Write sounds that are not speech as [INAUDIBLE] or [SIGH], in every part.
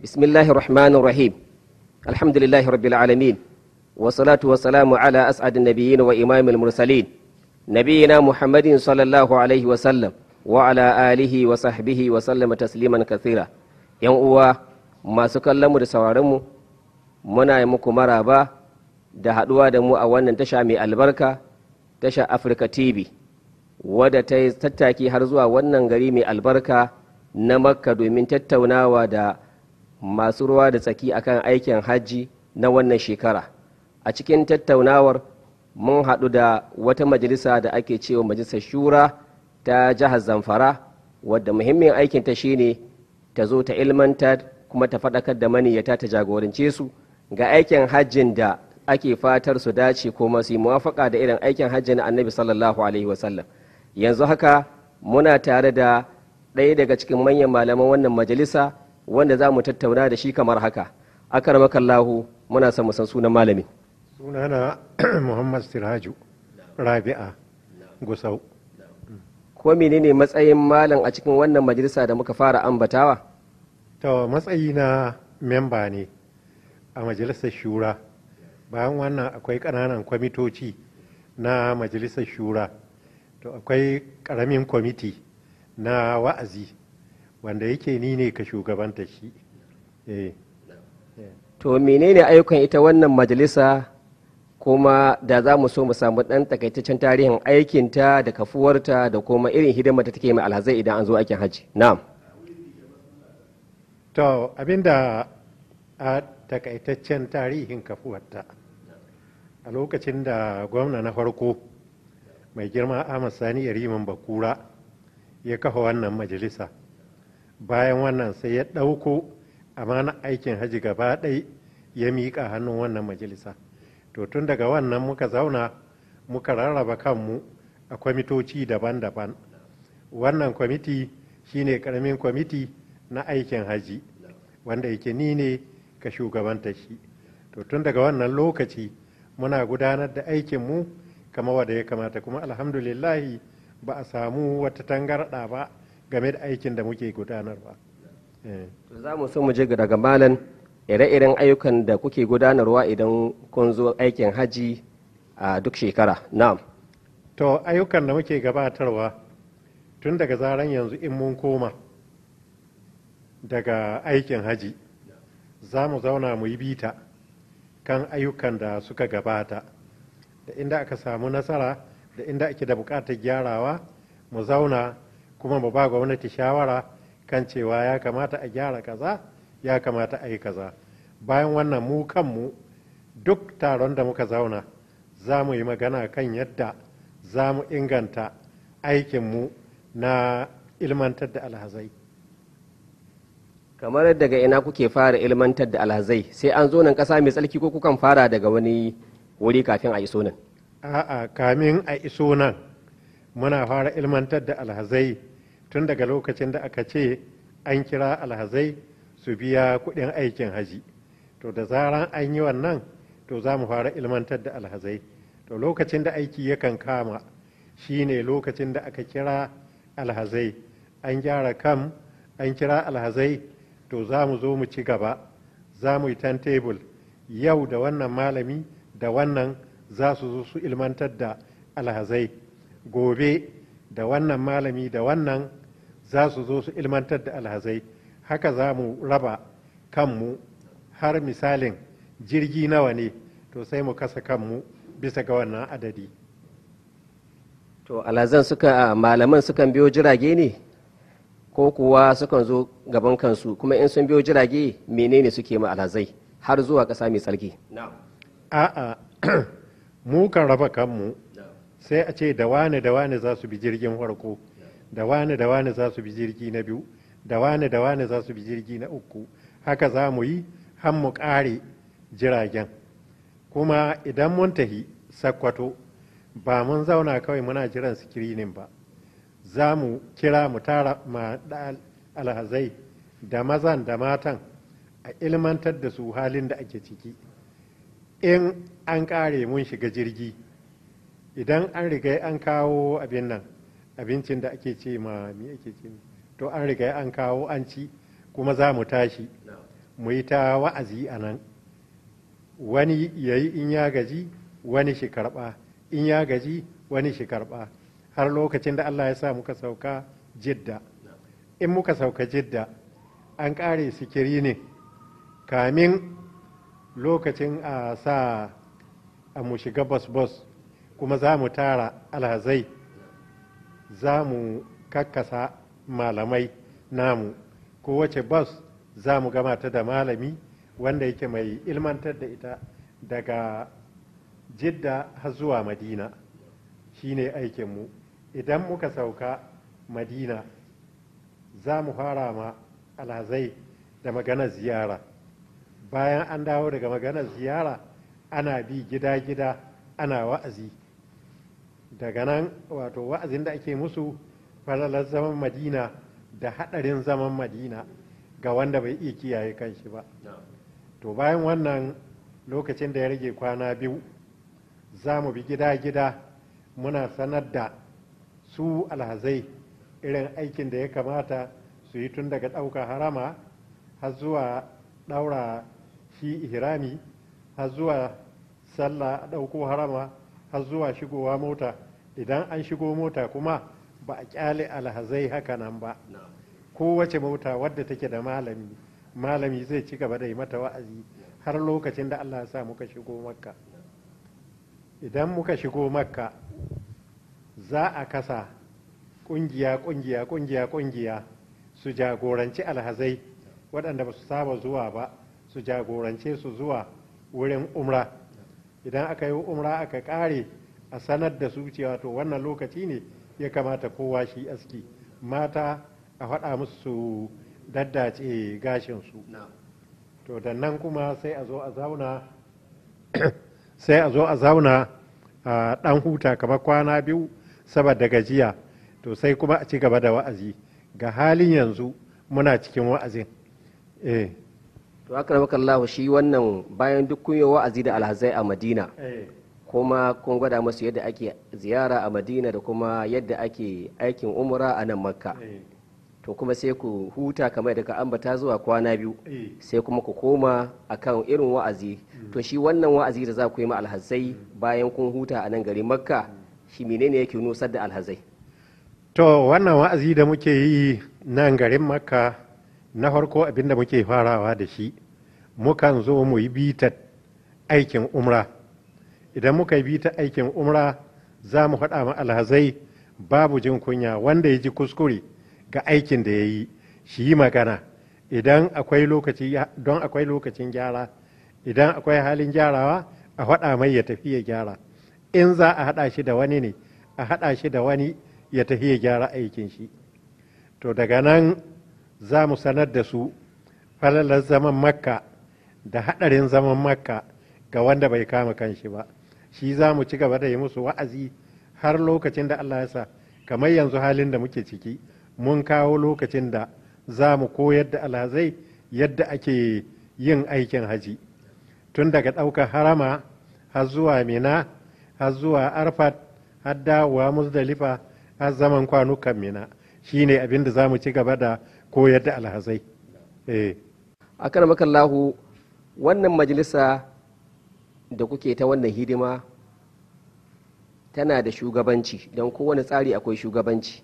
بسم الله الرحمن الرحيم الحمد لله رب العالمين والصلاة والسلام على أسعد النبيين وإمام المرسلين نبينا محمد صلى الله عليه وسلم وعلى آله وصحبه وسلم تسليما كثيرا yan uwa masu kallonmu da mu muna yi muku maraba da haɗuwa da mu a wannan tasha mai albarka tasha Afirka TV wadda tattaki har zuwa wannan gari mai albarka na makka domin tattaunawa da masu ruwa da tsaki akan aikin hajji na wannan shekara a cikin tattaunawar mun haɗu da wata majalisa da ake cewa majalisar shura ta jihar zamfara wadda muhimmin aikin ta shine ta zo ta ilmantar kuma ta faɗakar da maniyyata ta jagorance su ga aikin hajjin da ake fatar su dace ko su yi muwafaka da irin aikin hajji na annabi sallallahu alaihi wasallam yanzu haka muna tare da ɗaya daga cikin manyan malaman wannan majalisa wanda za mu tattauna da shi kamar haka akar makallahu muna son mu san sunan malamin sunana [CLEARS THROAT] Muhammad Sirhaju Rabi'a Gusau ko menene matsayin malam a cikin wannan majalisa da muka fara ambatawa to matsayi na memba ne a majalisar shura bayan wannan akwai ƙananan kwamitoci na majalisar shura to akwai ƙaramin kwamiti na wa'azi wanda yake ni ne ka shugabanta shi eh. to menene ayyukan ita wannan majalisa kuma da za mu so mu samu ɗan takaitaccen tarihin aikinta da kafuwarta da kuma irin hidimar da take mai alhazai idan an zo aikin hajji na'am to abinda a takaitaccen tarihin kafuwarta a lokacin da gwamna na farko mai girma ahmad sani yariman bakura ya kafa wannan majalisa bayan wannan sai ya ɗauko amana aikin haji gaba ɗai ya miƙa hannun wannan majalisa to tun daga wannan muka zauna muka rarraba kanmu a kwamitoci daban-daban wannan kwamiti shine karamin kwamiti na aikin haji wanda yake ni ne ka shugabanta shi to tun daga wannan lokaci muna gudanar da aikinmu kama wada ya kamata kuma alhamdulillahi ba a samu wata tangarɗa ba game da aikin da muke gudanarwa. Eh. za mu so mu je daga malam ire-iren ayyukan da kuke gudanarwa idan kun zo aikin haji a duk shekara na'am to ayyukan da muke gabatarwa tun daga zaren yanzu in mun koma daga aikin haji za mu zauna mu yi bita kan ayyukan da suka gabata da inda aka samu nasara da inda ake da bukatar gyarawa mu zauna kuma mu ba gwamnati shawara kan cewa ya kamata a gyara kaza ya kamata a yi kaza bayan wannan mu kanmu duk taron da muka zauna za mu yi magana kan yadda za mu inganta aikinmu na ilmantar da alhazai kamar daga ina kuke fara ilmantar da alhazai sai an zo nan kasa mai tsarki ko kukan fara daga wani wuri kafin a iso nan a'a kamin a iso nan muna fara ilmantar da alhazai tun daga lokacin da aka ce an kira alhazai su biya kuɗin aikin haji to da zaran an yi wannan to za mu fara ilmantar da alhazai to lokacin da aiki yakan kama shine lokacin da aka kira alhazai an gyara kam an kira alhazai to za mu zo mu ci gaba za mu yi timetable yau da wannan malami da wannan za su zo su ilmantar da alhazai gobe da wannan malami da wannan za su zo su ilmantar da alhazai haka za mu raba kanmu har misalin jirgi nawa ne to sai mu kasa kanmu bisa ga wannan adadi to alhazan suka malaman sukan biyo jirage ne ko kuwa sukan zo gaban kansu kuma in sun biyo jirage menene suke ma alhazai har zuwa kasa mai tsarki a'a [CLEARS THROAT] mu kan raba kanmu sai a ce da wane da wane za su bi jirgin farko da wane da wane za su bi jirgi na biyu da wane da wane za su bi jirgi na uku haka za mu yi har mu ƙare jiragen kuma idan mun tahi sakwato ba mun zauna kawai muna jiran sikirinin ba za mu kira mu tara ma alhazai da mazan da matan a ilmantar da su halin da ake ciki. in an ƙare mun shiga jirgi idan an riga an kawo abin nan abincin da ake ce ma mi ake ce to an riga an kawo an ci kuma za mu tashi mu yi ta wa'azi a nan wani ya yi in ya gaji wani shi karɓa in ya gaji wani shi karɓa har lokacin da Allah ya sa muka sauka jidda in muka sauka jidda an ƙare sikiri ne kamin lokacin a sa a mu shiga bas-bas kuma za mu tara alhazai za mu kakkasa malamai namu kowace bas za mu gama ta da malami wanda yake mai ilmantar da ita daga jidda har zuwa madina shine aikinmu idan muka sauka madina za mu fara ma alhazai da maganar ziyara bayan an dawo daga maganar ziyara ana bi gida-gida ana wa'azi daga nan wato wa'azin da ake musu falalar zaman madina da haɗarin zaman madina ga wanda bai iya kiyaye kanshi ba to bayan wannan lokacin da ya rage kwana biyu za mu bi gida-gida muna sanar da su alhazai irin aikin da ya kamata su yi tun daga ɗauka harama har zuwa ɗaura shi ihrami har zuwa sallah ɗauko harama har zuwa shigowa mota idan an shigo mota kuma ba a kyale alhazai haka nan ba ko wace mota wadda take da malami malami zai ci gaba da yi mata wa'azi har lokacin da allah ya sa muka shigo makka idan muka shigo makka za a kasa kungiya kungiya kungiya kungiya su jagoranci alhazai waɗanda ba su saba zuwa ba su jagorance su zuwa wurin umra idan aka yi umra aka kare a sanar da su cewa to wannan lokaci ne ya kamata kowa shi aski mata a faɗa musu daddace gashinsu to da nan kuma sai a zo a zauna [COUGHS] sai a zo a zauna a ɗan huta kamar kwana biyu saboda gajiya to sai kuma a ci gaba da wa'azi ga halin yanzu muna cikin wa'azin eh to akramaka Allah shi wannan bayan duk kun wa'azi da alhazai a Madina eh. kuma kun gwada masu yadda ake ziyara a Madina da kuma yadda ake aikin umra a nan Makka eh. to kuma sai ku huta kamar da ka ambata zuwa kwana biyu eh. sai kuma ku koma akan irin wa'azi hmm. to shi wannan wa'azi da za ku yi ma alhazai hmm. bayan kun huta a nan gari Makka hmm. shi menene yake nusar da alhazai to wannan wa'azi da muke yi nan garin Makka na farko abinda muke farawa da shi mukan zo mu yi bita aikin umra idan muka yi bita aikin umra za mu faɗa ma alhazai babu jin kunya wanda ya ji kuskure ga aikin da ya yi shi yi magana idan akwai lokaci don akwai lokacin gyara idan akwai halin gyarawa a faɗa mai ya tafi ya gyara in za a haɗa shi da wani ne a haɗa shi da wani ya tafi ya gyara aikin shi to daga nan za mu sanar da su falalar zaman makka da haɗarin zaman makka ga wanda bai kama kanshi ba shi za mu ci gaba da yi musu wa'azi har lokacin da allah ya sa kamar yanzu halin da muke ciki mun kawo lokacin da za mu koyar da alhazai yadda ake yin aikin haji tun daga ɗaukar harama har zuwa mina har zuwa arfat har dawowa musdalifa har zaman kwanukan mina shine abin da za mu ci gaba da koyar da alhazai eh. a kan makallahu wannan majalisa da kuke ta wannan hidima tana da shugabanci don kowane tsari akwai shugabanci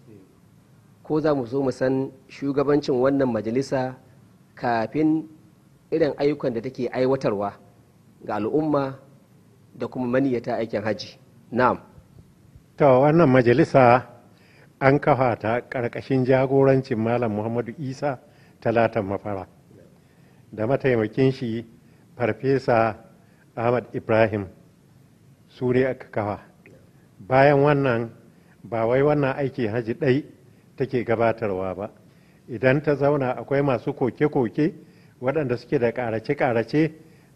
ko za mu zo mu san shugabancin wannan majalisa kafin irin ayyukan da take aiwatarwa ga al'umma da kuma maniyyata aikin hajji na'am to wannan majalisa an kafa ta ƙarƙashin jagorancin malam muhammadu isa talatan mafara da mataimakin shi farfesa ahmad ibrahim su ne aka kafa bayan wannan ba wai wannan aiki haji ɗai take gabatarwa ba idan ta zauna akwai masu koke-koke waɗanda suke da ƙarace-ƙarace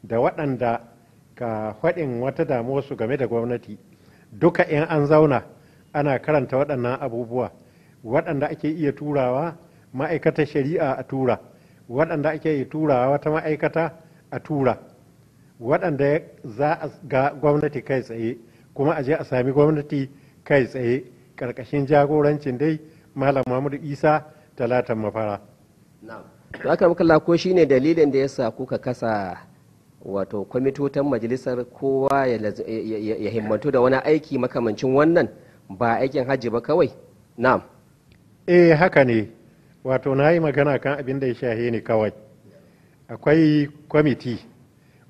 da waɗanda ka faɗin wata damuwarsu game da gwamnati duka in an zauna ana karanta waɗannan abubuwa waɗanda ake iya turawa ma'aikatar shari'a a tura waɗanda ake iya turawa wata ma'aikata a tura waɗanda za a ga gwamnati kai tsaye kuma a je a sami gwamnati kai tsaye ƙarƙashin jagorancin dai malam mahmud isa talatan mafara haka lako shi ne dalilin da ya sa kuka kasa wato kwamitotan majalisar kowa ya himmantu da wani aiki makamancin wannan ba aikin hajji ba kawai na'am eh haka ne wato na yi magana kan abin da ya shahe ni kawai akwai kwamiti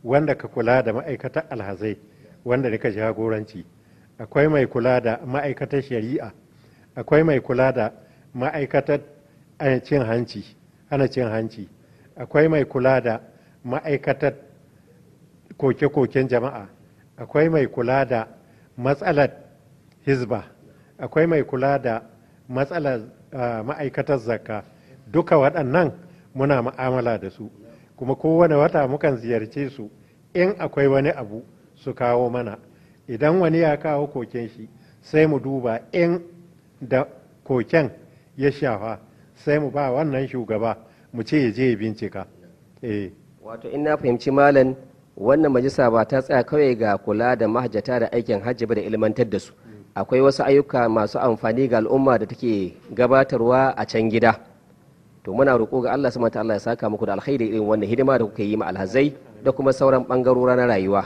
wanda ka kula da ma'aikatar alhazai wanda nika jagoranci akwai mai kula da ma'aikatar shari'a akwai mai kula da ma'aikatar cin hanci hana cin hanci akwai mai kula da ma'aikatar koke-koken jama'a akwai mai kula da matsalar hizba akwai mai kula da matsalar ah, ma'aikatar zakka duka waɗannan muna ma'amala da su kuma kowane wata mukan ziyarce su in akwai wani abu su kawo mana idan wani ya kawo koken shi sai mu duba in da koken ya shafa sai mu ba wannan shugaba mu ce ya je ya bincika eh. wato in na fahimci malam wannan majisa ba ta tsaya kawai ga kula da mahajjata da aikin hajji ba da ilmantar da su akwai wasu ayyuka masu amfani ga al'umma da take gabatarwa a can gida to muna roƙo ga Allah subhanahu wataala ya saka muku da alkhairi irin wannan hidima da kuka yi ma alhazai da kuma sauran bangarora na rayuwa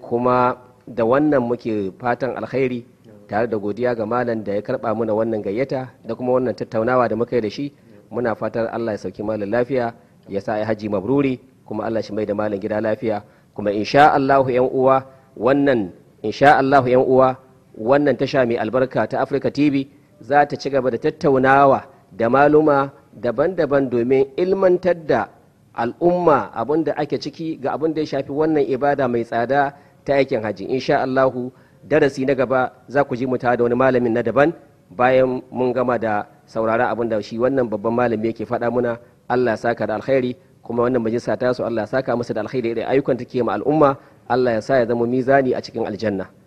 kuma da wannan muke fatan alkhairi tare da godiya ga malam da ya karba muna wannan gayyata da kuma wannan tattaunawa da muka yi da shi muna fatan Allah ya sauki malam lafiya ya sa ya haji mabruri kuma Allah shi mai da malam gida lafiya kuma insha Allah yan uwa wannan insha Allah yan uwa wannan tasha mai albarka ta Africa TV za ta ci gaba da tattaunawa da maluma daban-daban domin ilmantar da al'umma abin da ake ciki ga abin da ya shafi wannan ibada mai tsada ta aikin haji insha Allahu darasi na gaba za ku ji mu da wani malamin na daban bayan mun gama da sauraron abin da shi wannan babban malami yake faɗa muna Allah saka da alkhairi kuma wannan majalisa ta su Allah saka masa da alkhairi da ayyukan take ma al'umma Allah ya sa ya zama mizani a cikin aljanna